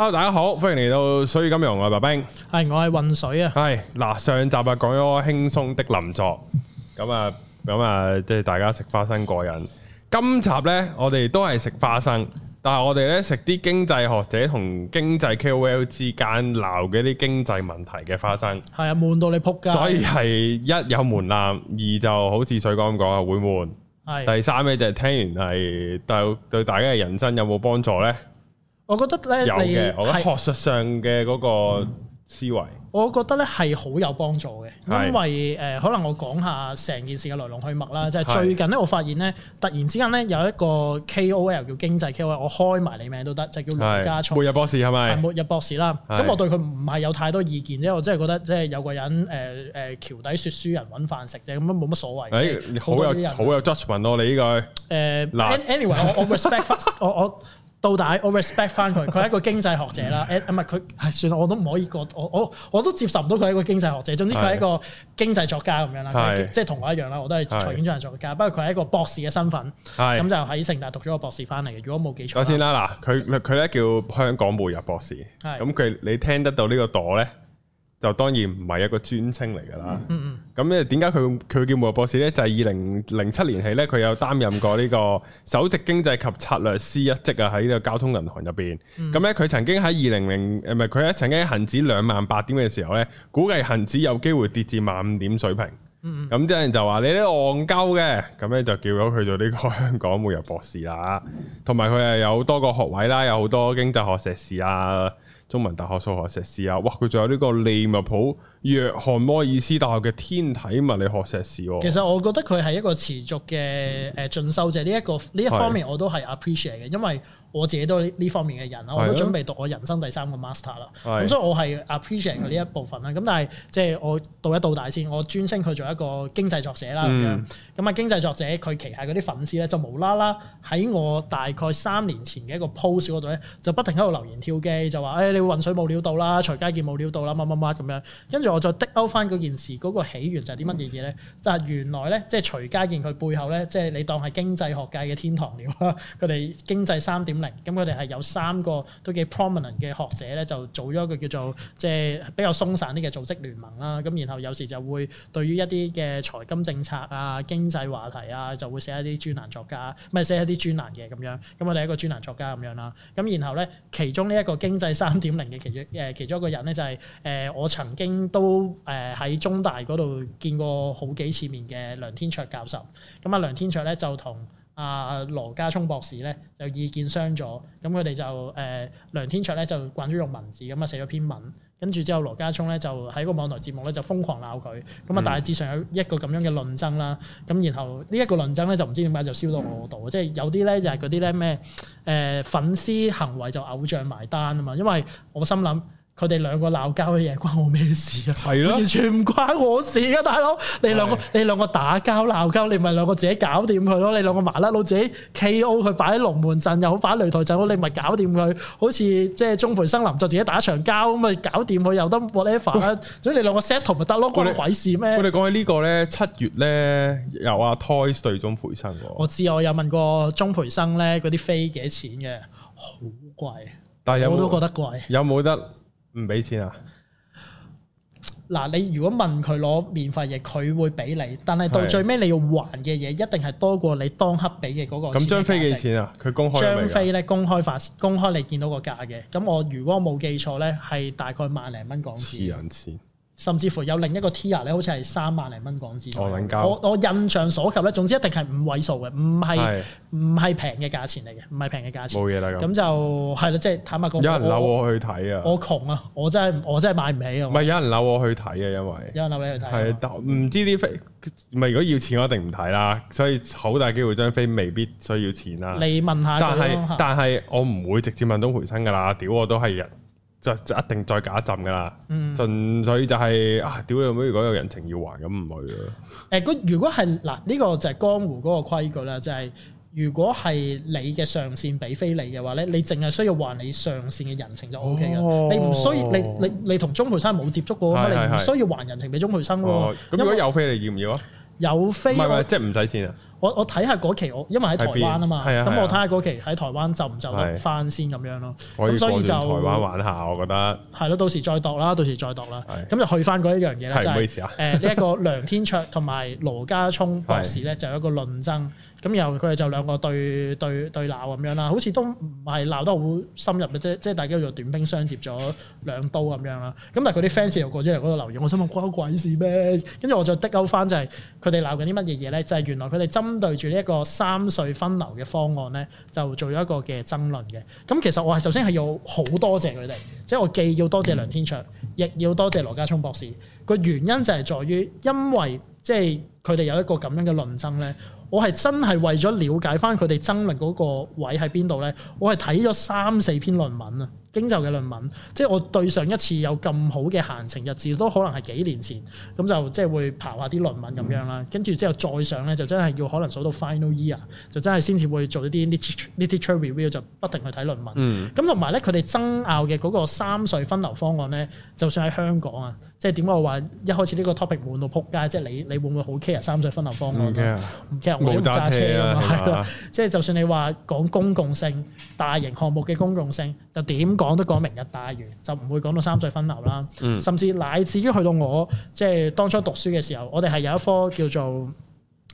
Hello 大家好，歡迎嚟到水與金融，我係白冰，係，我係混水啊，係。嗱，上集啊講咗輕鬆的林作，咁啊，咁啊，即係大家食花生過癮，今集呢，我哋都係食花生，但係我哋呢食啲經濟學者同經濟 K O L 之間鬧嘅啲經濟問題嘅花生，係啊，悶到你扑街，所以係一有門檻，二就好似水哥咁講啊，會悶，是第三呢，就係聽完係對對大家嘅人生有冇幫助呢？我覺得咧，你學術上嘅嗰個思維，嗯、我覺得咧係好有幫助嘅，因為誒是、呃，可能我講下成件事嘅來龍去脈啦。即、就、係、是、最近咧，是我發現咧，突然之間咧有一個 KOL 叫經濟 KOL，我開埋你名都得，就是、叫盧家聰。末日博士係咪？係末日博士啦。咁是我對佢唔係有太多意見啫。我真係覺得即係有個人誒誒、呃、橋底説書人揾飯食啫，咁樣冇乜所謂。誒、欸欸，好有好有 judgement 咯，你呢句。誒，嗱，anyway，我我 respect 我我。我我到底我 respect 翻佢，佢係一個經濟學者啦。誒， 唔係佢，係算啦，我都唔可以過，我我我都接受唔到佢係一個經濟學者。總之佢係一個經濟作家咁樣啦，即係同我一樣啦，我都係財經專業作家。是不過佢係一個博士嘅身份，咁是就喺城大讀咗個博士翻嚟嘅。如果冇記錯，講先啦，嗱，佢佢咧叫香港每日博士，咁佢是你聽得到個呢個朵咧？就當然唔係一個專稱嚟㗎啦。咁咧點解佢佢叫末日博士咧？就係二零零七年起咧，佢有擔任過呢個首席經濟及策略師一職啊，喺呢個交通銀行入邊。咁咧佢曾經喺二零零誒，唔係，佢咧曾經恒指兩萬八點嘅時候咧，估計恒指有機會跌至萬五點水平。咁啲人就話你啲戇鳩嘅，咁咧就叫咗佢做呢個香港末日博士啦。同埋佢係有，有多個學位啦，有好多經濟學碩士啊。中文大學數學碩士啊，哇！佢仲有呢個利物浦、約翰摩爾斯大學嘅天體物理學碩士喎、啊。其實我覺得佢係一個持續嘅誒進修者，呢一個呢一方面我都係 appreciate 嘅，是因為。我自己都呢方面嘅人啦，我都準備讀我人生第三個 master 啦的。咁所以我係 appreciate 佢呢的一部分啦。咁但係即係我到一到大先，我尊稱佢做一個經濟作者啦咁樣，咁啊、嗯、經濟作者佢旗下嗰啲粉絲咧就無啦啦喺我大概三年前嘅一個 post 嗰度咧就不停喺度留言跳機，就話誒、哎、你渾水冇料到啦，徐家健冇料到啦，乜乜乜咁樣，跟住我再的勾翻嗰件事嗰、那個起源就係啲乜嘢嘢咧？就係、是、原來咧即係徐家健佢背後咧即係你當係經濟學界嘅天堂了，佢哋經濟三點。咁佢哋係有三個都幾 prominent 嘅學者咧，就組咗一個叫做即係比較鬆散啲嘅組織聯盟啦。咁然後有時就會對於一啲嘅財金政策啊、經濟話題啊，就會寫一啲專欄作家，唔係寫一啲專欄嘅咁樣。咁我哋一個專欄作家咁樣啦。咁然後咧，其中呢一個經濟三點零嘅其中誒其中一個人咧、就係，就係誒我曾經都誒喺中大嗰度見過好幾次面嘅梁天卓教授。咁啊，梁天卓咧就同。啊羅家聰博士咧就意見相左，咁佢哋就誒、呃、梁天卓咧就慣咗用文字咁啊寫咗篇文，跟住之後羅家聰咧就喺個網台節目咧就瘋狂鬧佢，咁啊、嗯、大致上有一個咁樣嘅論爭啦，咁然後呢一個論爭咧就唔知點解就燒到我度，即係、嗯、有啲咧就係嗰啲咧咩誒粉絲行為就偶像埋單啊嘛，因為我心諗。佢哋兩個鬧交嘅嘢關我咩事，的事啊？係咯，完全唔關我事㗎，大佬。你兩個是的 你兩個打交鬧交，你咪兩個自己搞掂佢咯。你兩個麻甩佬自己 K.O. 佢，擺喺龍門陣又好，擺喺擂台陣好，你咪搞掂佢。好似即係鍾培生林作自己打場交咁啊，搞掂佢又得 whatever 啦。總之你兩個 settle 咪得咯，關我鬼事咩？我哋講起呢、呢個咧，七月咧有阿、啊、Toyz 對鍾培生喎。我知我有問過鍾培生咧，嗰啲飛幾錢嘅？好貴。但有，我都覺得貴。有冇得？唔俾錢啊！嗱，你如果問佢攞免費嘢，佢會俾你，但係到最尾你要還嘅嘢一定係多過你當刻俾嘅嗰個。咁張飛幾錢啊？佢公開張飛咧，公開發，公開，你見到個價嘅。咁我如果我冇記錯咧，係大概萬零蚊港紙。係啊，錢。甚至乎有另一個 tier 咧，好似係三萬零蚊港紙。哦、我我印象所及咧，總之一定係五位數嘅，唔係唔係平嘅價錢嚟嘅，唔係平嘅價錢。冇嘢啦咁。就係咯，即係坦白講，有人扭我去睇啊！我窮啊，我真係我真係買唔起啊！唔係有人扭我去睇啊，因為有人扭你去睇。係，但唔知啲飛，唔係如果要錢我一定唔睇啦，所以好大機會張飛未必需要錢啦。你問下。但係是是但係我唔會直接問到回生㗎啦，屌我都係人。就就一定再搞一浸噶啦。純、嗯、粹就係、是、啊，屌你老母！如果有人情要還，咁唔去咯。誒、這個就是，如果係嗱，呢個就係江湖嗰個規矩啦，就係如果係你嘅上線俾飛你嘅話咧，你淨係需要還你上線嘅人情就 O K 噶，你唔需要你你你同鍾培生冇接觸過，哦、你唔需要還人情俾鍾培生咯。咁、哦、如果有飛，你要唔要啊？有飛不，唔係我，即係唔使錢啊！我我睇下嗰期我，因為喺台灣啊嘛，咁、啊嗯、我睇下嗰期喺台灣就唔就得翻先咁樣咯。啊、所以就，可以過年台灣玩下，我覺得。係咯、啊，到時再度啦，到時再度啦。咁、啊、就去翻嗰一樣嘢咧，啊、就係誒呢一個梁天卓同埋羅家聰博士咧， 就有一個論爭。咁然後佢哋就兩個對對對鬧咁樣啦，好似都唔係鬧得好深入嘅，啫。即係大家叫做短兵相接咗兩刀咁樣啦。咁但係佢啲 fans 又過咗嚟嗰度留言，我想問關鬼事咩？跟住我再的勾翻就係佢哋鬧緊啲乜嘢嘢咧，就係、是、原來佢哋針對住呢一個三隧分流嘅方案咧，就做咗一個嘅爭論嘅。咁其實我係首先係要好多謝佢哋，即係我既要多謝梁天卓，亦要多謝羅家聰博士個原因就係在於，因為即係佢哋有一個咁樣嘅論爭咧。我係真係為咗了解翻佢哋爭論嗰個位喺邊度咧，我係睇咗三四篇論文啊。經就嘅論文，即係我對上一次有咁好嘅閒情逸緻都可能係幾年前，咁就即係會刨下啲論文咁樣啦。跟住、嗯、之後再上咧，就真係要可能數到 final year，就真係先至會做一啲 literature review 就不停去睇論文。咁同埋咧，佢哋爭拗嘅嗰個三隧分流方案咧，就算喺香港啊，即係點解我話一開始呢個 topic 滿到撲街？即係你你會唔會好 care 三隧分流方案？唔 care，唔 care，我好揸車啊嘛，係啦。即係就算你話講公共性，大型項目嘅公共性就點？講都講明日大嶼，就唔會講到三隧分流啦。嗯、甚至乃至於去到我即係當初讀書嘅時候，我哋係有一科叫做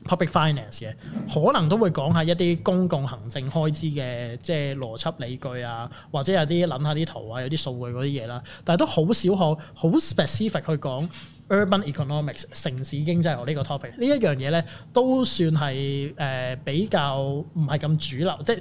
public finance 嘅，可能都會講下一啲公共行政開支嘅即係邏輯理據啊，或者有啲諗下啲圖啊，有啲數據嗰啲嘢啦。但係都好少學好 specific 去講 urban economics 城市經濟學呢個 topic。呢一樣嘢呢，都算係誒、呃、比較唔係咁主流，即係。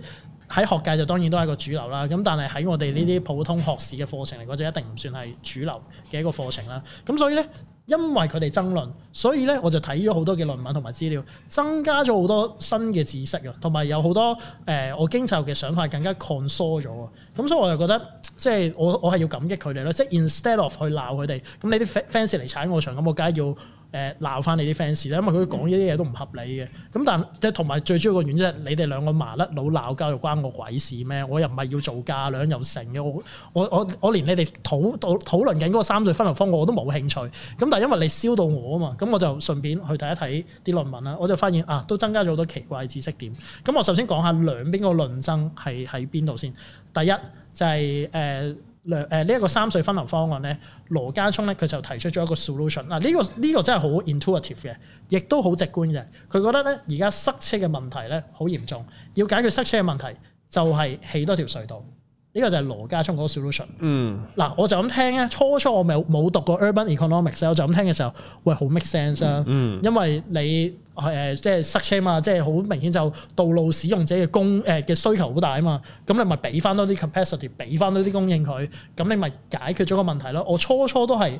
喺學界就當然都係一個主流啦，咁但係喺我哋呢啲普通學士嘅課程嚟講就一定唔算係主流嘅一個課程啦。咁所以咧，因為佢哋爭論，所以咧我就睇咗好多嘅論文同埋資料，增加咗好多新嘅知識啊，同埋有好多誒我經濟學嘅想法更加擴縮咗啊。咁所以我就覺得，即係我我係要感激佢哋咯，即係 instead of 去鬧佢哋，咁你啲 fans 嚟踩我場，咁我梗係要。誒鬧翻你啲 fans 咧，因為佢講呢啲嘢都唔合理嘅。咁、嗯、但即係同埋最主要個原因係你哋兩個麻甩佬鬧交又關我鬼事咩？我又唔係要做家兩又成嘅。我我我我連你哋討討討論緊嗰個三隧分流方案我都冇興趣。咁但係因為你燒到我啊嘛，咁我就順便去睇一睇啲論文啦。我就發現啊，都增加咗好多奇怪知識點。咁我首先講下兩邊個論爭係喺邊度先。第一就係、是、誒。呃誒呢一個三隧分流方案咧，羅家聰咧佢就提出咗一個 solution 嗱、這個，呢個呢個真係好 intuitive 嘅，亦都好直觀嘅。佢覺得咧，而家塞車嘅問題咧好嚴重，要解決塞車嘅問題就係起多條隧道。呢個就係羅家聰嗰個 solution。嗯，嗱，我就咁聽咧。初初我冇冇讀過 urban economics，我就咁聽嘅時候，喂，好 make sense 啊。嗯，因為你誒、呃、即係塞車嘛，即係好明顯就道路使用者嘅供誒嘅需求好大啊嘛。咁你咪俾翻多啲 capacity，俾翻多啲供應佢。咁你咪解決咗個問題咯。我初初都係。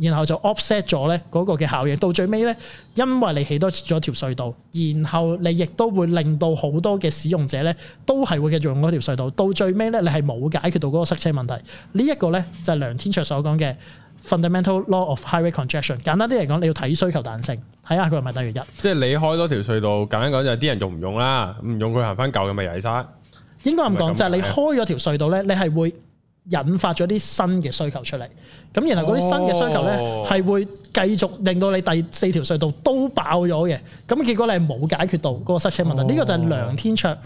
然後就 offset 咗咧嗰個嘅效應，到最尾咧，因為你起多咗條隧道，然後你亦都會令到好多嘅使用者咧，都係會繼續用嗰條隧道。到最尾咧，你係冇解決到嗰個塞車問題。這個、呢一個咧就係、是、梁天卓所講嘅 fundamental law of highway congestion。簡單啲嚟講，你要睇需求彈性。睇下佢係咪等於一。即係你開多條隧道，簡單講就係啲人用唔用啦？唔用佢行翻舊嘅咪又係嘥。應該咁講，就係你開咗條隧道咧，你係會。引發咗啲新嘅需求出嚟，咁然後嗰啲新嘅需求呢，係、哦、會繼續令到你第四條隧道都爆咗嘅，咁結果你係冇解決到嗰個塞車問題。呢、哦、個就係梁天卓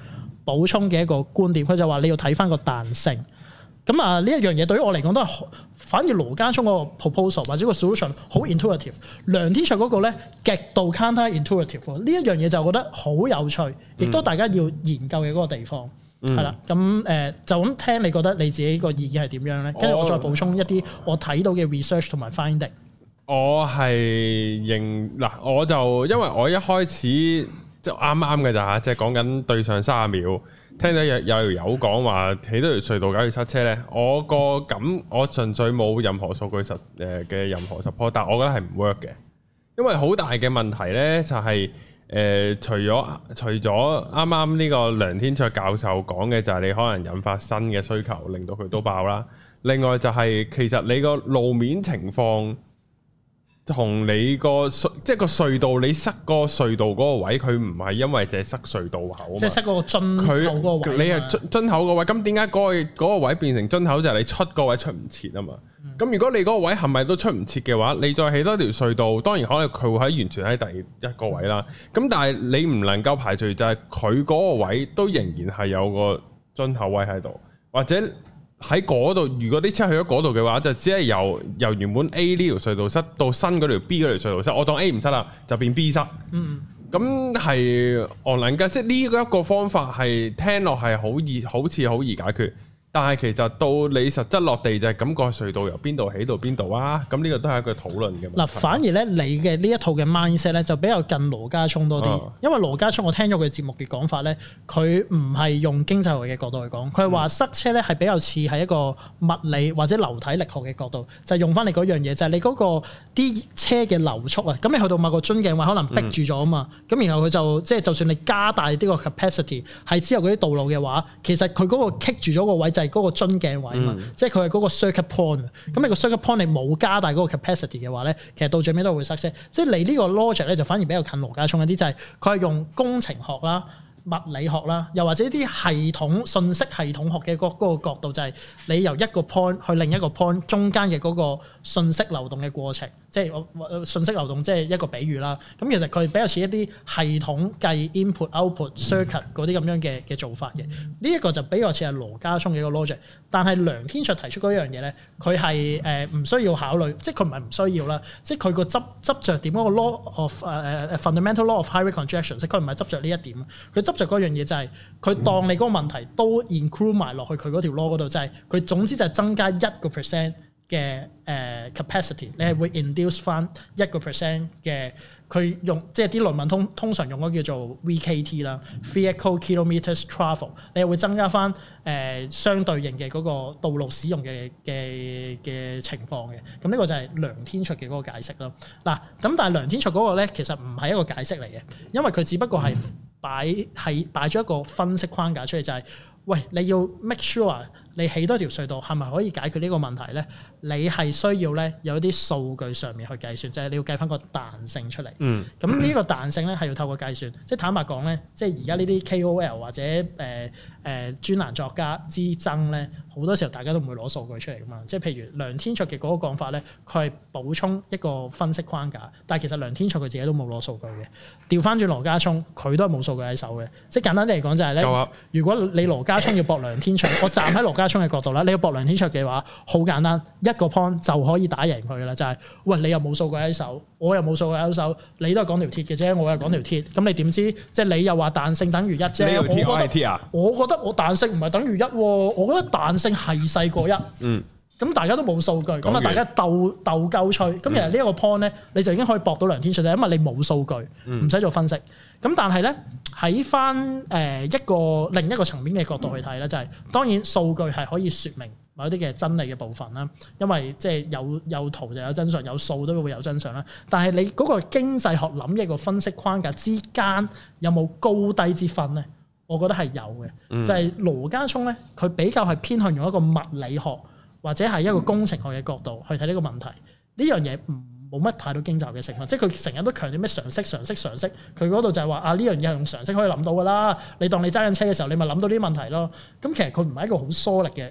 補充嘅一個觀點，佢就話你要睇翻個彈性。咁啊，呢一樣嘢對於我嚟講都係，反而羅家聰個 proposal 或者個 solution 好 intuitive，梁天卓嗰個呢極度 counterintuitive。呢一樣嘢就覺得好有趣，亦都大家要研究嘅嗰個地方。嗯係啦，咁誒、嗯呃、就咁聽，你覺得你自己個意見係點樣咧？跟住、哦、我再補充一啲我睇到嘅 research 同埋 finding。我係認嗱，我就因為我一開始就啱啱嘅咋嚇，即係講緊對上三十秒，聽到有有條友講話起多條隧道搞要塞車咧，我個咁我純粹冇任何數據實誒嘅任何 support，但係我覺得係唔 work 嘅，因為好大嘅問題咧就係、是。誒、呃，除咗除咗啱啱呢個梁天卓教授講嘅就係、是、你可能引發新嘅需求，令到佢都爆啦。另外就係、是、其實你個路面情況。同你個隧，即係個隧道，你塞個隧道嗰個位，佢唔係因為淨係塞隧道口，即係塞嗰個樽口位。它它你係樽口嗰位，咁點解嗰個位變成樽口就係、是、你出嗰位出唔切啊嘛？咁、嗯、如果你嗰個位係咪都出唔切嘅話，你再起多條隧道，當然可能佢會喺完全喺第一個位啦。咁、嗯、但係你唔能夠排除就係佢嗰個位都仍然係有個樽口位喺度。或者……喺嗰度，如果啲車去咗嗰度嘅話，就只係由由原本 A 呢條隧道塞到新嗰條 B 嗰條隧道塞，我當 A 唔塞啦，就變 B 塞。嗯。咁係我能夠，即係呢一個方法係聽落係好易，好似好易解決。但係其實到你實質落地就係咁，個隧道由邊度起到邊度啊？咁呢個都係一個討論嘅。嗱，反而咧你嘅呢一套嘅 mindset 咧就比較近羅家聰多啲，哦、因為羅家聰我聽咗佢節目嘅講法咧，佢唔係用經濟學嘅角度去講，佢係話塞車咧係比較似係一個物理或者流體力學嘅角度，就係、是、用翻你嗰樣嘢，就係、是、你嗰、那個啲車嘅流速啊，咁你去到某個樽頸位可能逼住咗啊嘛，咁、嗯、然後佢就即係就算你加大呢個 capacity 係之後嗰啲道路嘅話，其實佢嗰個棘住咗個位就係嗰個樽頸位嘛，即係佢係嗰個 circuit point、嗯。咁你個 circuit point 你冇加大嗰個 capacity 嘅話咧，其實到最尾都係會塞車。即係你呢個 logic 咧，就反而比較近羅家聰一啲，就係佢係用工程學啦、物理學啦，又或者啲系統、信息系統學嘅嗰嗰個角度，就係、是、你由一個 point 去另一個 point 中間嘅嗰個信息流動嘅過程。即係我信息流動，即係一個比喻啦。咁其實佢比較似一啲系統計 input、output、circuit 嗰啲咁樣嘅嘅做法嘅。呢一、嗯、個就比較似係羅家聰嘅一個 logic。但係梁天卓提出嗰樣嘢咧，佢係誒唔需要考慮，即係佢唔係唔需要啦。即係佢個執執著點嗰個 law of 誒、uh, 誒 fundamental law of highway congestion，即佢唔係執着呢一點。佢執着嗰樣嘢就係、是、佢當你嗰個問題都 include 埋落去佢嗰條 law 度，就係佢總之就係增加一個 percent。嘅誒、uh, capacity，你係會 induce 翻一個 percent 嘅佢用，即係啲論文通通常用咗叫做 VKT 啦、mm.，vehicle kilometers travel 你係會增加翻誒、呃、相對應嘅嗰個道路使用嘅嘅嘅情況嘅。咁呢個就係梁天卓嘅嗰個解釋咯。嗱、啊，咁但係梁天卓嗰個咧，其實唔係一個解釋嚟嘅，因為佢只不過係擺係、mm. 擺咗一個分析框架出嚟，就係、是、喂你要 make sure。你起多條隧道係咪可以解決呢個問題咧？你係需要咧有一啲數據上面去計算，就係你要計翻個彈性出嚟。嗯，咁呢個彈性咧係要透過計算。即係坦白講咧，即係而家呢啲 KOL 或者誒誒專欄作家之爭咧。好多時候大家都唔會攞數據出嚟噶嘛，即係譬如梁天卓嘅嗰個講法咧，佢係補充一個分析框架，但係其實梁天卓佢自己都冇攞數據嘅。調翻轉羅家聰，佢都係冇數據喺手嘅。即係簡單啲嚟講就係咧，如果你羅家聰要博梁天卓，我站喺羅家聰嘅角度啦，你要博梁天卓嘅話，好簡單，一個 point 就可以打贏佢噶啦，就係喂，你又冇數據喺手。我又冇數據，我有手，你都係講條鐵嘅啫，我又講條鐵，咁、嗯、你點知？即係你又話彈性等於一啫，我講地鐵啊，我覺得我彈性唔係等於一喎，我覺得彈性係細過一。嗯。咁大家都冇數據，咁啊大家鬥鬥鳩吹。咁其實呢一個 point 咧，你就已經可以駁到梁天卓咧，因為你冇數據，唔使、嗯、做分析。咁但係咧，喺翻誒一個另一個,另一個層面嘅角度去睇咧，就係、嗯嗯、當然數據係可以説明。某啲嘅真理嘅部分啦，因為即係有有圖就有真相，有數都會有真相啦。但係你嗰個經濟學諗一個分析框架之間有冇高低之分咧？我覺得係有嘅，嗯、就係羅家聰咧，佢比較係偏向用一個物理學或者係一個工程學嘅角度去睇呢個問題，呢、嗯、樣嘢唔冇乜太多經濟學嘅成分，即係佢成日都強調咩常識常識常識，佢嗰度就係話啊，呢樣嘢用常識可以諗到噶啦。你當你揸緊車嘅時候，你咪諗到呢啲問題咯。咁其實佢唔係一個好疏力嘅。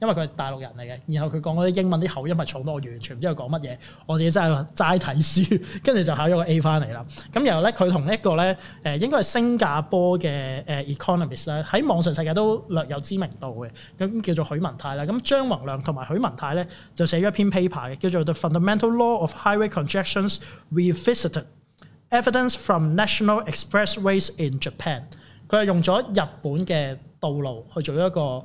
因為佢係大陸人嚟嘅，然後佢講嗰啲英文啲口音係重到我完全唔知佢講乜嘢，我自己真係齋睇書，跟 住就考咗個 A 返嚟啦。咁然後咧，佢同一個咧誒，應該係新加坡嘅誒 economist 咧，喺網上世界都略有知名度嘅，咁叫做許文泰啦。咁張宏亮同埋許文泰咧就寫咗一篇 paper 嘅，叫做 The Fundamental Law of Highway Congestions Revisited: Evidence from National Expressways in Japan。佢係用咗日本嘅道路去做一個。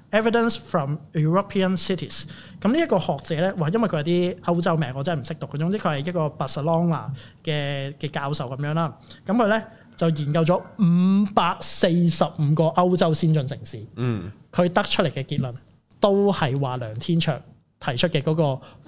Evidence from European cities，咁呢一個學者咧，哇，因為佢係啲歐洲名，我真係唔識讀。總之佢係一個巴塞隆拿嘅嘅教授咁樣啦。咁佢咧就研究咗五百四十五個歐洲先進城市。嗯。佢得出嚟嘅結論都係話梁天卓提出嘅嗰個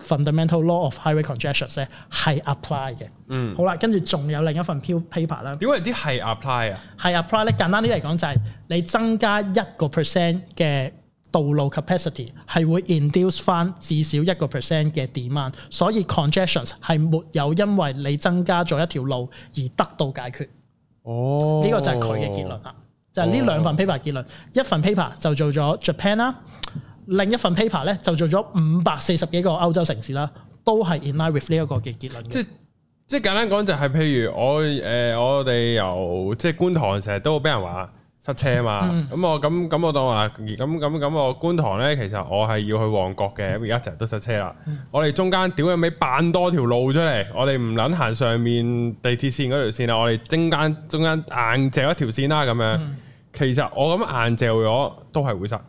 fundamental law of highway congestion 咧係 apply 嘅。嗯。好啦，跟住仲有另一份 paper 啦。點解啲係 apply 啊？係 apply 咧，簡單啲嚟講就係、是、你增加一個 percent 嘅。道路 capacity 係會 induce 翻至少一個 percent 嘅 demand，所以 congestions 係沒有因為你增加咗一條路而得到解決。哦，呢個就係佢嘅結論啦，哦、就係呢兩份 paper、哦、結論，一份 paper 就做咗 Japan 啦，另一份 paper 咧就做咗五百四十幾個歐洲城市啦，都係 in line with 呢一個嘅結論。即即簡單講就係，譬如我誒、呃、我哋由即觀塘成日都俾人話。塞車嘛，咁、嗯、我咁咁我當話，咁咁咁我，我觀塘咧，其實我係要去旺角嘅，咁而家成日都塞車啦。嗯、我哋中間屌有尾扮多條路出嚟，我哋唔撚行上面地鐵線嗰條，條線啦，我哋中間中間硬借一條線啦咁樣。嗯、其實我咁硬借咗都係會，會塞，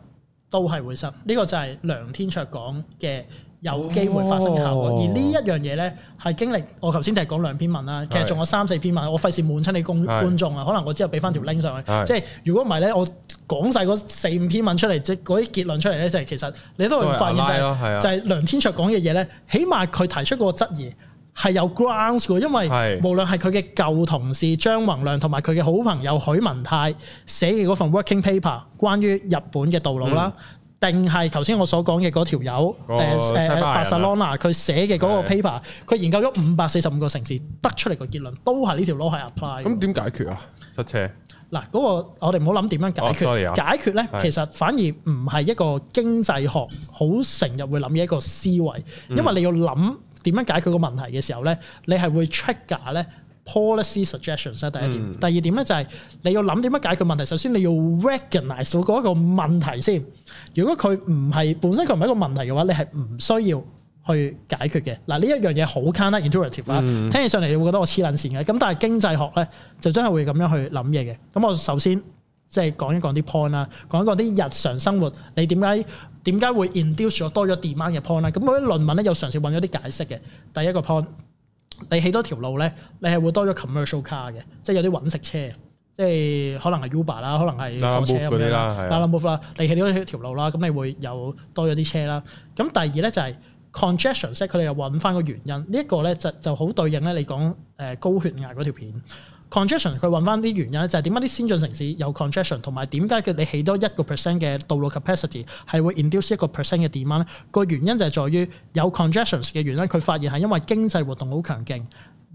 都係會塞。呢個就係梁天卓講嘅。有機會發生嘅效果，哦、而呢一樣嘢咧係經歷我頭先就係講兩篇文啦，是其實仲有三四篇文，我費事滿親你觀觀眾啊，是可能我之後俾翻條 link 上去，是即係如果唔係咧，我講晒嗰四五篇文出嚟，即嗰啲結論出嚟咧，就係其實你都會發現就係梁天卓講嘅嘢咧，啊、起碼佢提出嗰個質疑係有 grounds 嘅，因為無論係佢嘅舊同事張宏亮同埋佢嘅好朋友許文泰寫嘅嗰份 working paper 關於日本嘅道路啦。嗯定係頭先我所講嘅嗰條友，誒誒 Basharona 佢寫嘅嗰個 paper，佢的研究咗五百四十五個城市，得出嚟個結論都係呢條路係 apply。咁點解決啊？塞車。嗱，嗰個我哋唔好諗點樣解決。Oh, sorry. 解決咧，其實反而唔係一個經濟學好成日會諗嘅一個思維，因為你要諗點樣解決個問題嘅時候咧，嗯、你係會 check 下咧 policy suggestions。第一點，嗯、第二點咧就係你要諗點樣解決問題。首先你要 recognize 到嗰一個問題先。如果佢唔係本身佢唔係一個問題嘅話，你係唔需要去解決嘅。嗱，呢一樣嘢好 counterintuitive 啦。嗯、聽起上嚟你會覺得我黐撚線嘅。咁但係經濟學咧就真係會咁樣去諗嘢嘅。咁我首先即係、就是、講一講啲 point 啦，講一講啲日常生活你點解點解會 induce 咗多咗 demand 嘅 point 咧？咁我啲論文咧又嘗試揾咗啲解釋嘅。第一個 point，你起多條路咧，你係會多咗 commercial car 嘅，即係有啲揾食車。即係可能係 Uber 啦，可能係火車咁樣啦 Lalamove 啦，你起咗一條路啦，咁你會有多咗啲車啦。咁第二咧就係 congestion，即係佢哋又揾翻個原因。呢一個咧就就好對應咧你講誒高血壓嗰條片。congestion 佢揾翻啲原因咧就係點解啲先進城市有 congestion，同埋點解嘅你起多一個 percent 嘅道路 capacity 係會 induce 一個 percent 嘅 demand 咧？個原因就係在於有 congestions 嘅原因，佢發現係因為經濟活動好強勁。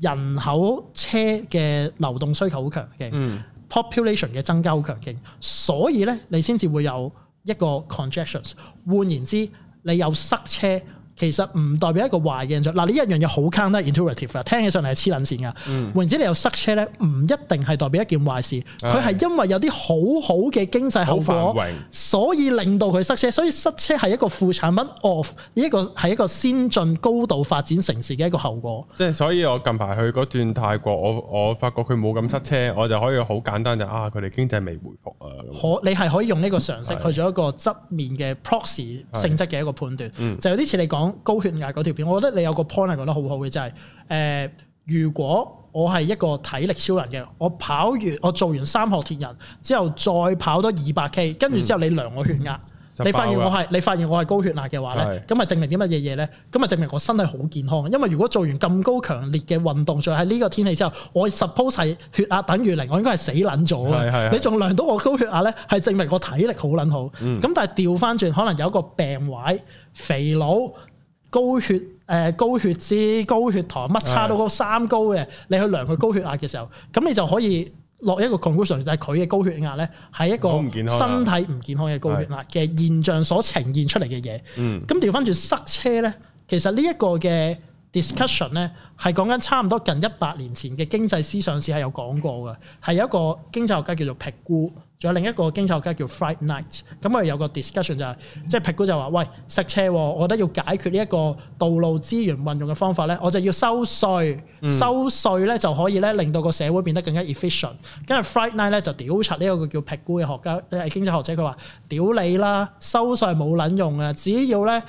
人口車嘅流動需求好強勁，嗯，population 嘅增加好強勁，所以咧你先至會有一個 congestions，換言之，你有塞車。其實唔代表一個壞嘅印象。嗱、啊，呢一樣嘢好 counter intuitive 啊，聽起上嚟係黐撚線㗎。或者、嗯、你有塞車咧，唔一定係代表一件壞事。佢係、嗯、因為有啲好好嘅經濟後果，所以令到佢塞車。所以塞車係一個副產品 of 呢一個係一個先進高度發展城市嘅一個後果。即係所以我近排去嗰段泰國，我我發覺佢冇咁塞車，我就可以好簡單就啊，佢哋經濟未回復、啊。可你係可以用呢個常識去做一個側面嘅 proxy 性質嘅一個判斷，嗯、就有啲似你講。嗯高血壓嗰條片，我覺得你有個 point 講得好好嘅，就係、是、誒、呃，如果我係一個體力超人嘅，我跑完我做完三項鐵人之後，再跑多二百 k，跟住之後你量我血壓，你發現我係你發現我係高血壓嘅話咧，咁啊、嗯嗯、證明啲乜嘢嘢？咧，咁啊證明我身體好健康，因為如果做完咁高強烈嘅運動，再喺呢個天氣之後，我 suppose 係血壓等於零，我應該係死捻咗、嗯嗯、你仲量到我高血壓咧，係證明我體力好捻好。咁但係調翻轉，可能有一個病位，肥佬。高血誒、呃、高血脂、高血糖乜差到個三高嘅，你去量佢高血壓嘅時候，咁你就可以落一個 conclusion，就係佢嘅高血壓咧係一個身體唔健康嘅高血壓嘅現象所呈現出嚟嘅嘢。嗯。咁調返轉塞車咧，其實呢一個嘅。discussion 咧係講緊差唔多近一百年前嘅經濟思想史係有講過嘅，係有一個經濟學家叫做皮古，仲有另一個經濟學家叫 Fright Knight 咁啊有個 discussion 就係、是，即係皮古就話：，喂，塞車，我覺得要解決呢一個道路資源運用嘅方法咧，我就要收稅，收稅咧就可以咧令到個社會變得更加 efficient。跟住 Fright Knight 咧就屌柒呢個叫皮古嘅學家，誒經濟學者，佢話：屌你啦，收稅冇撚用啊，只要咧。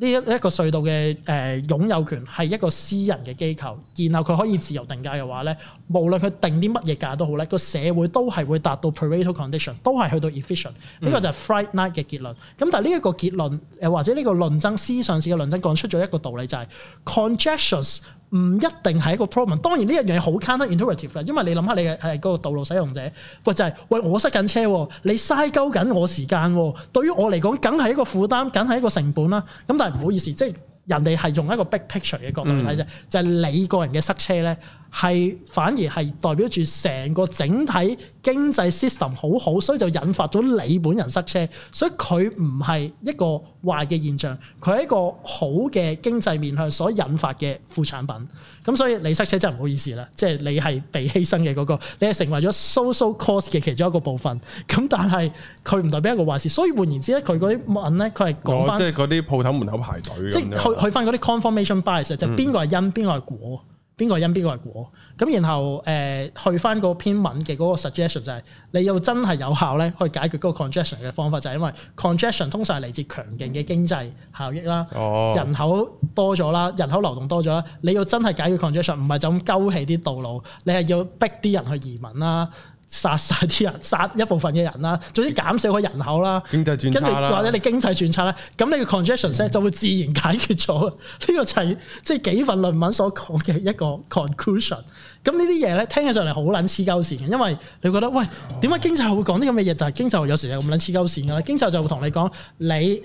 呢一一個隧道嘅誒擁有權係一個私人嘅機構，然後佢可以自由定價嘅話咧，無論佢定啲乜嘢價都好咧，個社會都係會達到 Pareto condition，都係去到 efficient。呢個就係 Friday、right、night 嘅結論。咁但係呢一個結論，誒或者呢個論爭思想史嘅論爭講出咗一個道理就係、是、conjectures。唔一定係一個 problem，當然呢一樣嘢好 counterintuitive 嘅，因為你諗下你嘅係嗰個道路使用者，就係、喂就係喂我塞緊車，你嘥鳩緊我時間，對於我嚟講梗係一個負擔，梗係一個成本啦。咁但係唔好意思，即、就、係、是、人哋係用一個 big picture 嘅角度睇啫，嗯、就係你個人嘅塞車咧。係反而係代表住成個整體經濟 system 好好，所以就引發咗你本人塞車。所以佢唔係一個壞嘅現象，佢係一個好嘅經濟面向所引發嘅副產品。咁所以你塞車真係唔好意思啦，即係你係被犧牲嘅嗰個，你係成為咗 social cost 嘅其中一個部分。咁但係佢唔代表一個壞事。所以換言之咧，佢嗰啲問咧，佢係講翻即係嗰啲鋪頭門口排隊即，即係去去翻嗰啲 confirmation bias，就邊個係因，邊個係果。邊個因，邊個係果？咁然後誒、呃、去翻個篇文嘅嗰個 suggestion 就係、是，你要真係有效咧，去解決嗰個 congestion 嘅方法就係、是、因為 congestion 通常係嚟自強勁嘅經濟效益啦，哦、人口多咗啦，人口流動多咗啦，你要真係解決 congestion 唔係就咁鳩起啲道路，你係要逼啲人去移民啦。殺晒啲人，殺一部分嘅人啦，總之減少個人口啦，經濟轉差啦，或者你經濟轉差咧，咁呢個 congestion 咧就會自然解決咗，呢個係即係幾份論文所講嘅一個 conclusion。咁呢啲嘢咧聽起上嚟好撚黐鳩線嘅，因為你覺得喂，點解經濟會講啲咁嘅嘢？就係經濟有時係咁撚黐鳩線噶啦，經濟就會同你講你誒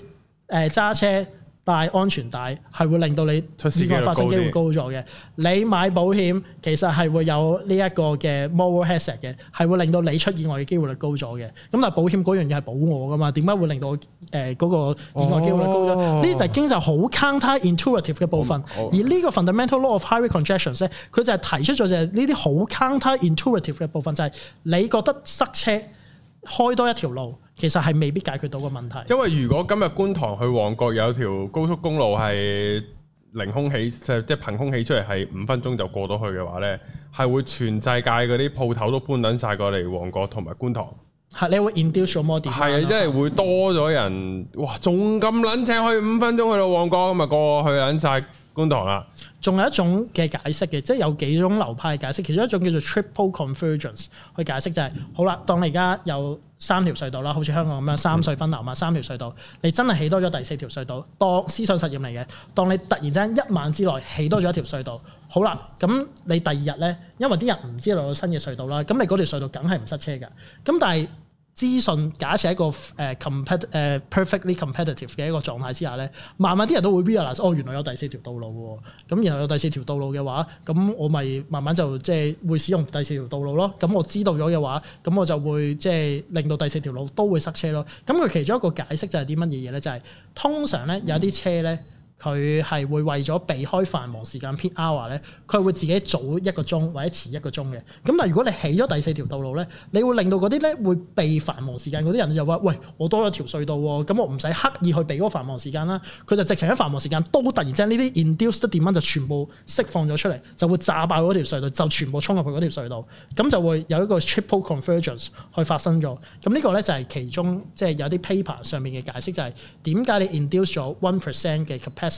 揸、呃、車。戴安全帶係會令到你意外發生機會高咗嘅。你買保險其實係會有呢一個嘅 moral hazard 嘅，係會令到你出意外嘅機會率高咗嘅。咁但係保險嗰樣嘢係保我噶嘛？點解會令到我誒嗰個意外機會率高咗？呢、哦、就係經濟好 counterintuitive 嘅部分。哦、而呢個 fundamental law of highway congestion 咧，佢就係提出咗就係呢啲好 counterintuitive 嘅部分，就係、是、你覺得塞車多開多一條路。其實係未必解決到個問題。因為如果今日觀塘去旺角有條高速公路係凌空起，即係憑空起出嚟，係五分鐘就過到去嘅話呢，係會全世界嗰啲鋪頭都搬撚晒過嚟旺角同埋觀塘。係、啊、你會 induced demand 係啊，即係會多咗人。哇，仲咁撚正，去五分鐘去到旺角，咁啊過去撚晒。觀塘啦，仲有一種嘅解釋嘅，即係有幾種流派嘅解釋，其中一種叫做 triple convergence 去解釋就係，好啦，當你而家有三條隧道啦，好似香港咁樣三隧分流啊，三條隧道，你真係起多咗第四條隧道，當思想實驗嚟嘅，當你突然之間一晚之內起多咗一條隧道，好啦，咁你第二日咧，因為啲人唔知道有新嘅隧道啦，咁你嗰條隧道梗係唔塞車㗎，咁但係，資訊假設一個誒、uh, compet 誒、uh, perfectly competitive 嘅一個狀態之下咧，慢慢啲人都會 realize 哦，原來有第四條道路喎。咁然後有第四條道路嘅話，咁我咪慢慢就即係、就是、會使用第四條道路咯。咁我知道咗嘅話，咁我就會即係、就是、令到第四條路都會塞車咯。咁佢其中一個解釋就係啲乜嘢嘢咧，就係、是、通常咧有啲車咧。嗯佢係會為咗避開繁忙時間 peak hour 咧，佢會自己早一個鐘或者遲一個鐘嘅。咁但係如果你起咗第四條道路咧，你會令到嗰啲咧會避繁忙時間嗰啲人就話，喂，我多咗條隧道喎，咁我唔使刻意去避嗰繁忙時間啦。佢就直情喺繁忙時間都突然之間呢啲 induced demand 就全部釋放咗出嚟，就會炸爆嗰條隧道，就全部衝入去嗰條隧道，咁就會有一個 triple convergence 去發生咗。咁呢個咧就係其中即係、就是、有啲 paper 上面嘅解釋，就係點解你 induced 咗 one percent 嘅 capacity。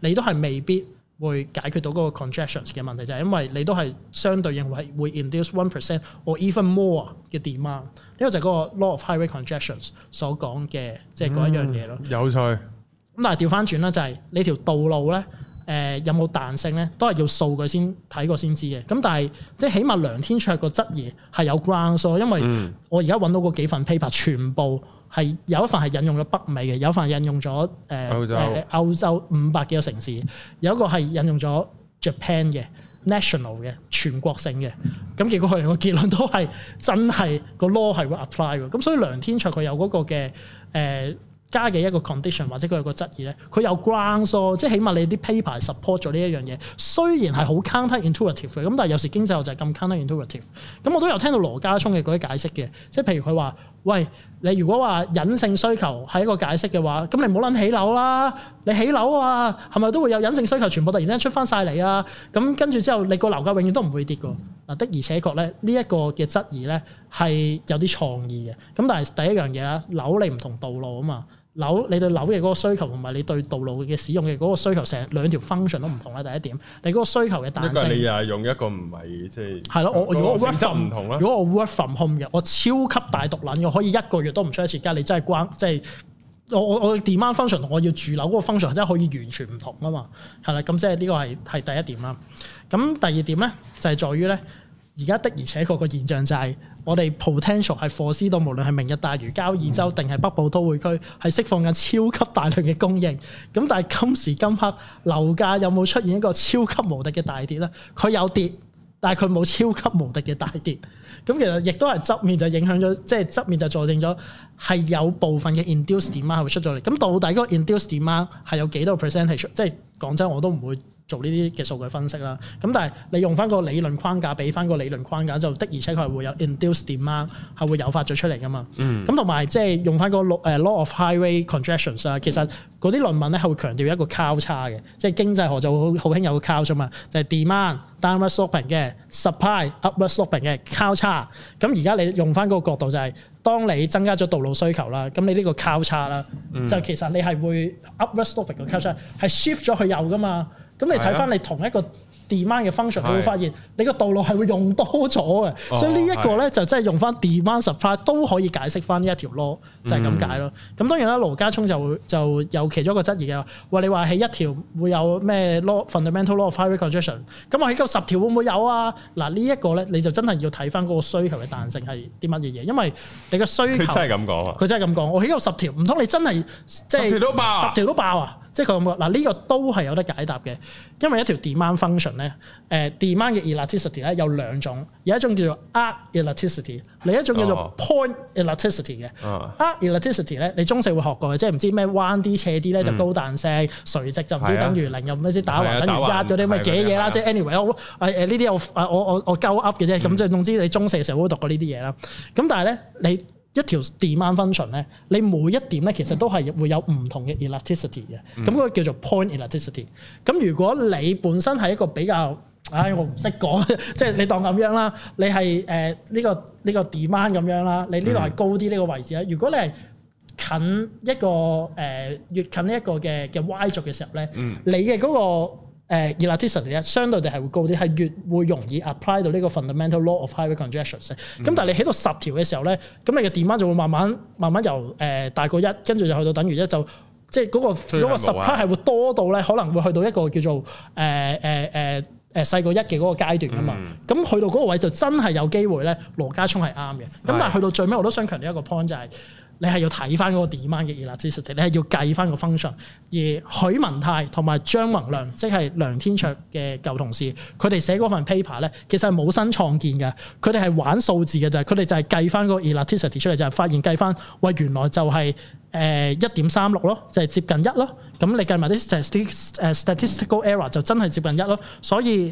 你都係未必會解決到嗰個 congestions 嘅問題，就係、是、因為你都係相對認為會 induce one percent or even more 嘅 demand，呢個就係嗰個 law of highway congestions 所講嘅，即係嗰一樣嘢咯、嗯。有趣。咁但係調翻轉啦，就係你條道路咧，誒、呃、有冇彈性咧，都係要數據先睇過先知嘅。咁但係即係起碼梁天卓個質疑係有 ground so，因為我而家揾到嗰幾份 paper 全部。係有一份係引用咗北美嘅，有一份係引用咗誒誒歐洲五百幾個城市，有一個係引用咗 Japan 嘅 national 嘅全國性嘅，咁結果佢哋個結論都係真係個 law 係會 apply 嘅。咁所以梁天卓佢有嗰個嘅誒、呃、加嘅一個 condition，或者佢有個質疑咧，佢有 grounds 咯，即係起碼你啲 paper support 咗呢一樣嘢。雖然係好 counterintuitive 嘅，咁但係有時經濟學就係咁 counterintuitive。咁我都有聽到羅家聰嘅嗰啲解釋嘅，即係譬如佢話。喂，你如果話隱性需求係一個解釋嘅話，咁你唔好諗起樓啦，你起樓啊，係咪都會有隱性需求，全部突然間出翻晒嚟啊？咁跟住之後，你個樓價永遠都唔會跌噶嗱，的而且確咧，呢一個嘅質疑咧係有啲創意嘅。咁但係第一樣嘢啊，樓你唔同道路啊嘛。樓，你對樓嘅嗰個需求同埋你對道路嘅使用嘅嗰個需求，成兩條 function 都唔同啦。第一點，你嗰個需求嘅大細，因你又用一個唔係即係，係、就、咯、是，我如果我 work from 如果我 work from home 嘅，我超級大獨撚嘅，我可以一個月都唔出一次街。你真係關即係、就是、我我我 demand function，同我要住樓嗰個 function 真係可以完全唔同啊嘛。係啦，咁即係呢個係係第一點啦。咁第二點咧就係、是、在於咧。而家的而且確個現象就係，我哋 potential 係貨司到無論係明日大嶼交椅洲定係北部都會區，係釋放緊超級大量嘅供應。咁但係今時今刻樓價有冇出現一個超級無敵嘅大跌咧？佢有跌，但係佢冇超級無敵嘅大跌。咁其實亦都係側面就影響咗，即係側面就助證咗係有部分嘅 induced demand 會出咗嚟。咁到底嗰個 induced demand 係有幾多 percentage？即係講真，我都唔會做呢啲嘅數據分析啦，咁但係你用翻個理論框架，俾翻個理論框架就的，而且確係會有 induced demand 係會誘發咗出嚟噶嘛。咁同埋即係用翻個 law law of highway congestion 啊，其實嗰啲論文咧係會強調一個交叉嘅，即係經濟學就好好興有個交叉嘛，就係、是、demand downward sloping 嘅，supply upward sloping 嘅交叉。咁而家你用翻嗰個角度就係、是，當你增加咗道路需求啦，咁你呢個交叉啦，mm. 就其實你係會 upward sloping 嘅交叉，係、mm. shift 咗去右噶嘛。咁你睇翻你同一個 demand 嘅 function，、啊、你會發現你個道路係會用多咗嘅，哦、所以呢一個咧就真係用翻 demand supply 都可以解釋翻呢一條 law 就係咁解咯。咁、嗯、當然啦，羅家聰就就有其中一個質疑嘅話你話起一條會有咩 law fundamental law，of highway congestion 咁我起夠十條會唔會有啊？嗱、這個、呢一個咧你就真係要睇翻嗰個需求嘅彈性係啲乜嘢嘢，因為你個需求佢真係咁講啊，佢真係咁講，我起夠十條唔通你真係即係十條都爆，十條都爆啊！即係佢講話嗱，呢、這個都係有得解答嘅，因為一條 dem、呃、demand function 咧，誒 demand 嘅 elasticity 咧有兩種，有一種叫做 arc elasticity，另一種叫做 point elasticity 嘅、哦。arc elasticity 咧，你中四會學過嘅，即係唔知咩彎啲斜啲咧就高彈性，嗯、垂直就唔知等於零、嗯、又唔知打橫等於壓咗啲咩嘅嘢啦。即係 anyway，我誒呢啲我我我我夠 up 嘅啫。咁即係總之你中四嘅時候都讀過呢啲嘢啦。咁但係咧你。一條 demand function 咧，你每一點咧，其實都係會有唔同嘅 elasticity 嘅、嗯，咁嗰個叫做 point elasticity。咁如果你本身係一個比較，唉、哎，我唔識講，即 係你當咁樣啦。你係誒呢個呢、呢個 demand 咁樣啦，你呢度係高啲呢個位置咧。如果你係近一個誒越近呢一個嘅嘅 Y 軸嘅時候咧，嗯、你嘅嗰、嗰個。誒熱力係相對地係會高啲，係越會容易 apply 到呢個 fundamental law of highway congestion、嗯。咁但係你起到十條嘅時候呢，咁你嘅電壓就會慢慢慢慢由誒、呃、大過一，跟住就去到等於一，就即係、那、嗰個嗰個十 percent 係會多到呢，可能會去到一個叫做誒誒誒誒細過一嘅嗰個階段㗎嘛。咁、嗯、去到嗰個位就真係有機會呢，羅家聰係啱嘅。咁但係去到最尾，我都想強調一個 point 就係、是。你係要睇翻嗰個 demand 嘅 elasticity，你係要計翻個 function。而許文泰同埋張宏良，即係梁天卓嘅舊同事，佢哋寫嗰份 paper 咧，其實係冇新創建嘅，佢哋係玩數字嘅就係，佢哋就係計翻個 elasticity 出嚟就係發現計翻，喂，原來就係誒一點三六咯，就係、是、接近一咯。咁你計埋啲 statistical error 就真係接近一咯。所以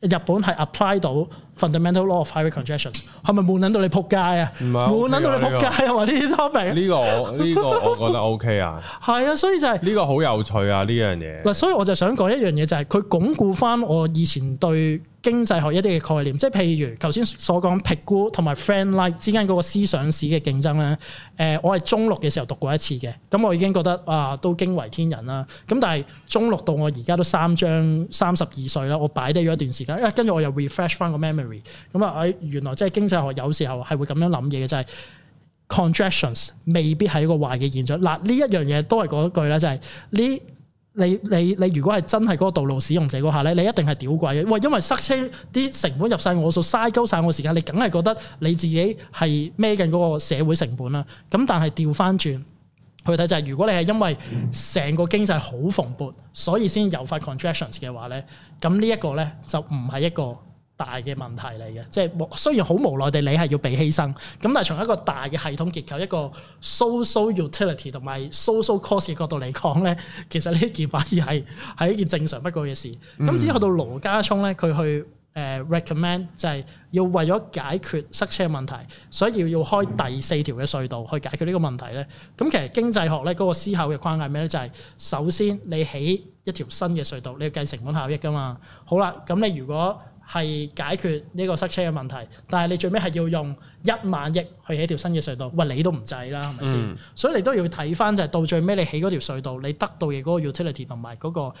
日本係 apply 到。fundamental law of highway congestion 係咪悶撚到你仆街啊？唔係、啊，悶撚到你仆街啊！話呢啲 topic 呢個呢、啊這個這個我覺得 OK 啊，係 啊，所以就係、是、呢個好有趣啊！呢樣嘢嗱，所以我就想講一樣嘢，就係、是、佢鞏固翻我以前對經濟學一啲嘅概念，即係譬如頭先所講 Pigou 同埋 Frank Knight 之間嗰個思想史嘅競爭咧。誒，我係中六嘅時候讀過一次嘅，咁我已經覺得啊，都驚為天人啦。咁但係中六到我而家都三張三十二歲啦，我擺低咗一段時間，因、啊、為跟住我又 refresh 翻個 memory。咁啊！原來即係經濟學有時候係會咁樣諗嘢嘅，就係 congestion 未必係一個壞嘅現象。嗱，呢一樣嘢都係嗰句啦，就係、呢、你你你你，如果係真係嗰個道路使用者嗰下咧，你一定係屌鬼嘅。喂，因為塞車啲成本入晒我數，嘥鳩晒我時間，你梗係覺得你自己係孭緊嗰個社會成本啦。咁但係調翻轉去睇，就係如果你係因為成個經濟好蓬勃，所以先有發 congestion 嘅話咧，咁呢一個咧就唔係一個大嘅問題嚟嘅，即係雖然好無奈地，你係要被犧牲。咁但係從一個大嘅系統結構、一個 social so utility 同埋 social so cost 嘅角度嚟講咧，其實呢件玩意係係一件正常不過嘅事。咁至於去到羅家聰咧，佢去誒、呃、recommend 就係要為咗解決塞車問題，所以要開第四條嘅隧道去解決呢個問題咧。咁其實經濟學咧嗰個思考嘅框架咩咧？就係首先你起一條新嘅隧道，你要計成本效益㗎嘛。好啦，咁你如果係解決呢個塞車嘅問題，但係你最尾係要用一萬億去起條新嘅隧道，喂，你都唔制啦，係咪先？嗯、所以你都要睇翻就係到最尾你起嗰條隧道，你得到嘅嗰個 utility 同埋嗰個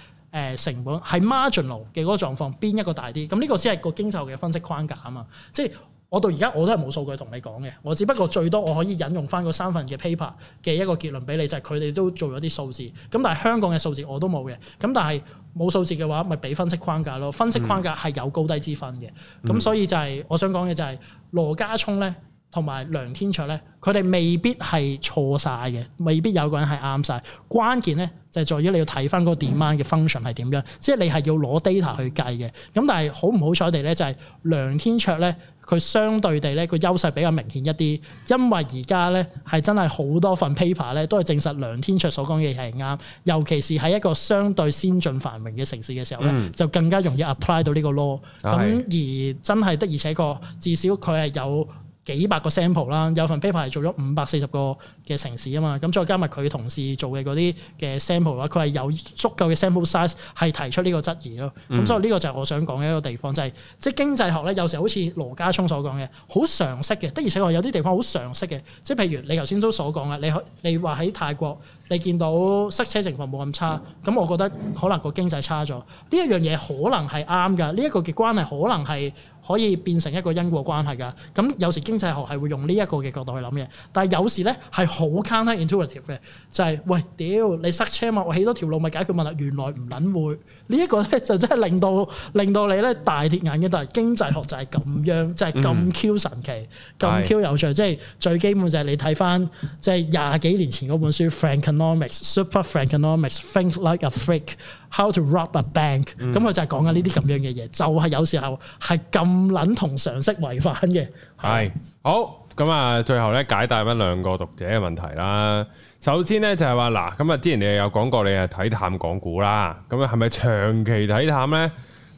成本，係 marginal 嘅嗰個狀況邊一個大啲？咁呢個先係個經濟學嘅分析框架啊嘛，即係。我到而家我都係冇數據同你講嘅，我只不過最多我可以引用翻嗰三份嘅 paper 嘅一個結論俾你，就係佢哋都做咗啲數字，咁但係香港嘅數字我都冇嘅，咁但係冇數字嘅話，咪俾分析框架咯。分析框架係有高低之分嘅，咁、嗯、所以就係、是、我想講嘅就係、是、羅家聰咧，同埋梁天卓咧，佢哋未必係錯晒嘅，未必有個人係啱晒。關鍵咧就係、是、在於你要睇翻嗰個 demand 嘅 function 係點樣，嗯、即係你係要攞 data 去計嘅。咁但係好唔好彩地咧，就係梁天卓咧。佢相對地咧，個優勢比較明顯一啲，因為而家咧係真係好多份 paper 咧都係證實梁天卓所講嘅嘢係啱，尤其是喺一個相對先進繁榮嘅城市嘅時候咧，嗯、就更加容易 apply 到呢個 law。咁而真係的，的而且確，至少佢係有。幾百個 sample 啦，有份 paper 係做咗五百四十個嘅城市啊嘛，咁再加埋佢同事做嘅嗰啲嘅 sample 嘅話，佢係有足夠嘅 sample size 係提出呢個質疑咯。咁、嗯、所以呢個就係我想講嘅一個地方，就係即係經濟學咧，有時候好似羅家聰所講嘅，好常識嘅，的而且確有啲地方好常識嘅，即係譬如你頭先都所講嘅，你你話喺泰國。你見到塞車情況冇咁差，咁我覺得可能個經濟差咗，呢一樣嘢可能係啱㗎，呢、這、一個嘅關係可能係可以變成一個因果關係㗎。咁有時經濟學係會用呢一個嘅角度去諗嘢，但係有時咧係好 counterintuitive 嘅，就係、是、喂屌你塞車嘛，我起多條路咪解決問題，原來唔撚會。呢、這、一個咧就真係令到令到你咧大跌眼鏡，但係經濟學就係咁樣，即係咁 q 神奇、咁 q、嗯、有趣，的即係最基本就係你睇翻即係廿幾年前嗰本書 Frank。Economics, super frank economics, think like a freak, how to rob a bank？咁佢就係講緊呢啲咁樣嘅嘢，就係有時候係咁撚同常識違反嘅。係好咁啊，最後咧解答翻兩個讀者嘅問題啦。首先咧就係話嗱，咁啊之前你又有講過你係睇淡港股啦，咁啊係咪長期睇淡咧？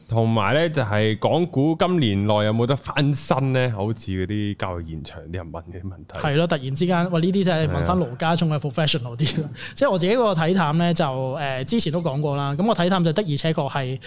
同埋咧，就係港股今年內有冇得翻新咧？好似嗰啲交易現場啲人問嘅問題。係咯，突然之間，哇！呢啲就係問翻盧家聰嘅 professional 啲啦。即係我自己個睇淡咧，就、呃、誒之前都講過啦。咁我睇淡就的而且確係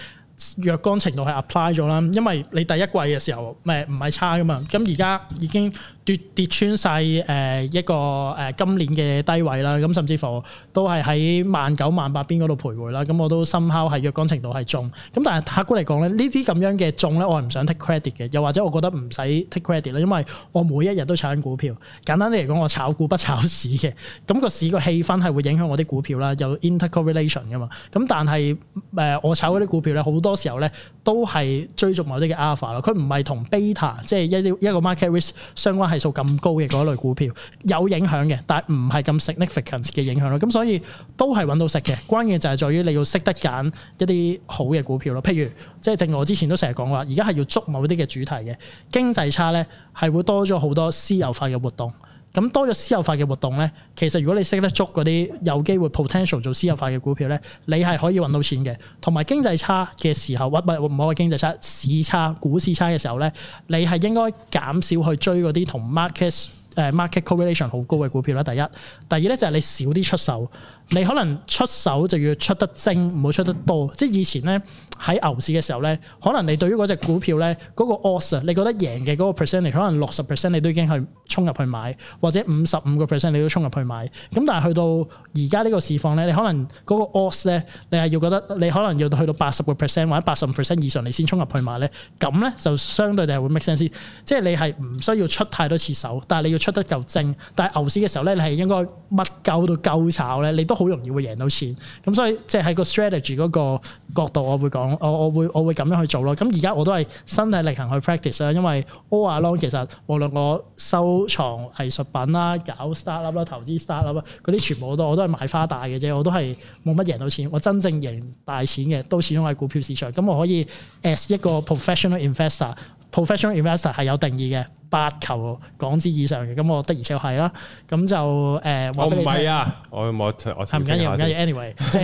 若干程度係 apply 咗啦。因為你第一季嘅時候，誒唔係差㗎嘛。咁而家已經跌跌穿晒誒、呃、一個誒、呃、今年嘅低位啦，咁、啊、甚至乎都係喺萬九萬八邊嗰度徘徊啦。咁、啊、我都 somehow 係若干程度係中，咁、啊、但係客觀嚟講咧，呢啲咁樣嘅中咧，我係唔想 take credit 嘅。又或者我覺得唔使 take credit 啦，因為我每一日都炒緊股票。簡單啲嚟講，我炒股不炒市嘅。咁、啊、個市個氣氛係會影響我啲股票啦，有 intercorrelation 噶嘛。咁、啊、但係誒、呃，我炒嗰啲股票咧，好多時候咧都係追逐某啲嘅 alpha 咯、啊。佢唔係同 beta，即係一啲一個 market risk 相關。係數咁高嘅嗰類股票有影響嘅，但係唔係咁 significant 嘅影響咯。咁所以都係揾到食嘅，關鍵就係在於你要識得揀一啲好嘅股票咯。譬如即係正如我之前都成日講話，而家係要捉某啲嘅主題嘅經濟差呢，係會多咗好多私有化嘅活動。咁多咗私有化嘅活動呢，其實如果你識得捉嗰啲有機會 potential 做私有化嘅股票呢，你係可以揾到錢嘅。同埋經濟差嘅時候，或唔唔好話經濟差，市差、股市差嘅時候呢，你係應該減少去追嗰啲同 market 誒、呃、market correlation 好高嘅股票啦。第一，第二呢，就係你少啲出售。你可能出手就要出得精，唔好出得多。即係以前咧喺牛市嘅時候咧，可能你對於嗰隻股票咧、嗰個 os 啊，你覺得贏嘅嗰個 percentage 可能六十 percent 你都已經去衝入去買，或者五十五個 percent 你都衝入去買，咁但係去到而家呢個市況咧，你可能嗰個 os 咧，你係要覺得你可能要去到八十個 percent 或者八十五 percent 以上你先衝入去買咧，咁咧就相對就係會 make sense 啲。即係你係唔需要出太多次手，但係你要出得夠精。但係牛市嘅時候咧，你係應該乜鳩都夠炒咧，你都。都好容易會贏到錢，咁所以即係喺個 strategy 嗰個角度，我會講，我我會我會咁樣去做咯。咁而家我都係身體力行去 practice 啦，因為 all along 其實無論我收藏藝術品啦、搞 startup 啦、投資 startup 嗰啲全部都我都係買花大嘅啫，我都係冇乜贏到錢。我真正贏大錢嘅都始終係股票市場，咁我可以 as 一個 professional investor，professional investor 係 investor 有定義嘅。八球港紙以上嘅，咁我的而且確係啦，咁就誒、啊嗯，我唔係啊，我冇，我唔緊要，唔緊要，anyway，即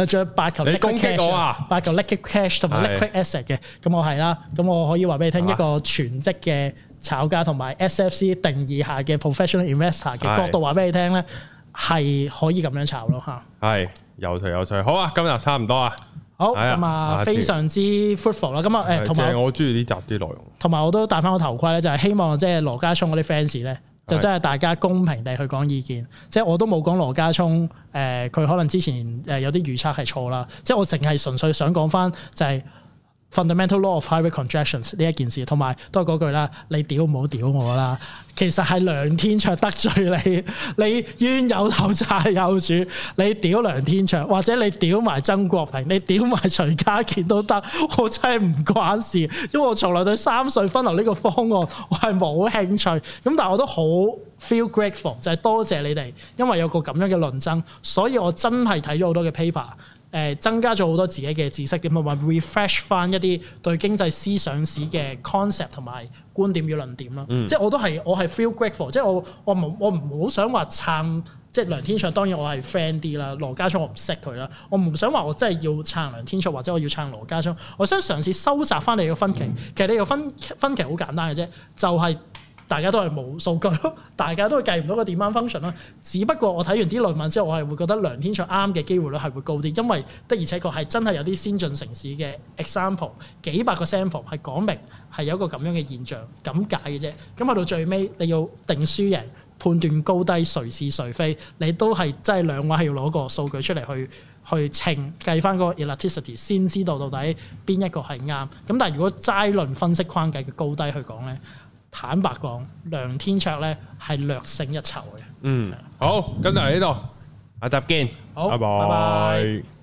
係著八球 liquid cash 同埋 liquid asset 嘅，咁我係啦，咁我可以話俾你聽，啊、一個全職嘅炒家同埋 SFC 定義下嘅 professional investor 嘅角度話俾你聽咧，係的可以咁樣炒咯嚇。係，有趣有趣，好啊，今日差唔多啊。好咁啊，哎、呀非常之 fruitful 啦，咁啊正，誒同埋，正我中意呢集啲內容，同埋我都戴翻個頭盔咧，就係、是、希望即係羅家聰嗰啲 fans 咧，就真係大家公平地去講意見，即係的我都冇講羅家聰誒，佢、呃、可能之前誒有啲預測係錯啦，即、就、係、是、我淨係純粹想講翻就係、是。fundamental law of highway congestion 呢一件事，同埋都係嗰句啦，你屌唔好屌我啦。其實係梁天卓得罪你，你冤有頭債有主。你屌梁天卓，或者你屌埋曾國平，你屌埋徐家健都得。我真係唔關事，因為我從來對三隧分流呢個方案我係冇興趣。咁但係我都好 feel grateful，就係、是、多謝你哋，因為有個咁樣嘅論爭，所以我真係睇咗好多嘅 paper。誒增加咗好多自己嘅知識點，點同埋 refresh 翻一啲對經濟思想史嘅 concept 同埋觀點與論點咯、嗯。即係我都係我係 feel grateful，即係我我唔我唔好想話撐即係梁天卓，當然我係 friend 啲啦，羅家聰我唔識佢啦，我唔想話我真係要撐梁天卓或者我要撐羅家聰，我想嘗試收集翻你嘅分歧。嗯、其實你嘅分分歧好簡單嘅啫，就係、是。大家都係冇數據囉，大家都係計唔到個 demand function 啦。只不過我睇完啲論文之後，我係會覺得梁天卓啱嘅機會率係會高啲，因為的而且確係真係有啲先進城市嘅 example，幾百個 sample 係講明係有一個咁樣嘅現象咁解嘅啫。咁去到最尾，你要定輸贏、判斷高低、誰是誰非，你都係真係兩位係要攞個數據出嚟去去稱計翻個 elasticity 先知道到底邊一個係啱。咁但係如果齋論分析框架嘅高低去講呢？坦白講，梁天卓咧係略勝一籌嘅。嗯，好，今日嚟呢度，下集、嗯、見，好，bye bye 拜拜。